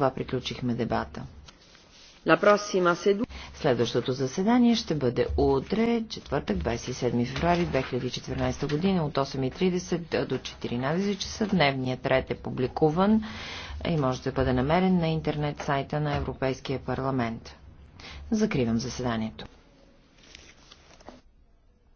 това приключихме дебата. Следващото заседание ще бъде утре, четвъртък, 27 феврари 2014 година от 8.30 до 14 часа. Дневният ред е публикуван и може да бъде намерен на интернет сайта на Европейския парламент. Закривам заседанието.